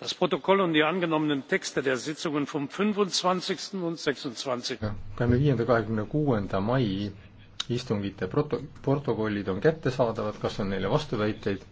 das protokoll und die angenommenen texte der sitzungen vom. 25. und 26. mai istungite protokollid on kättesaadavad kas on neile vastuväiteid?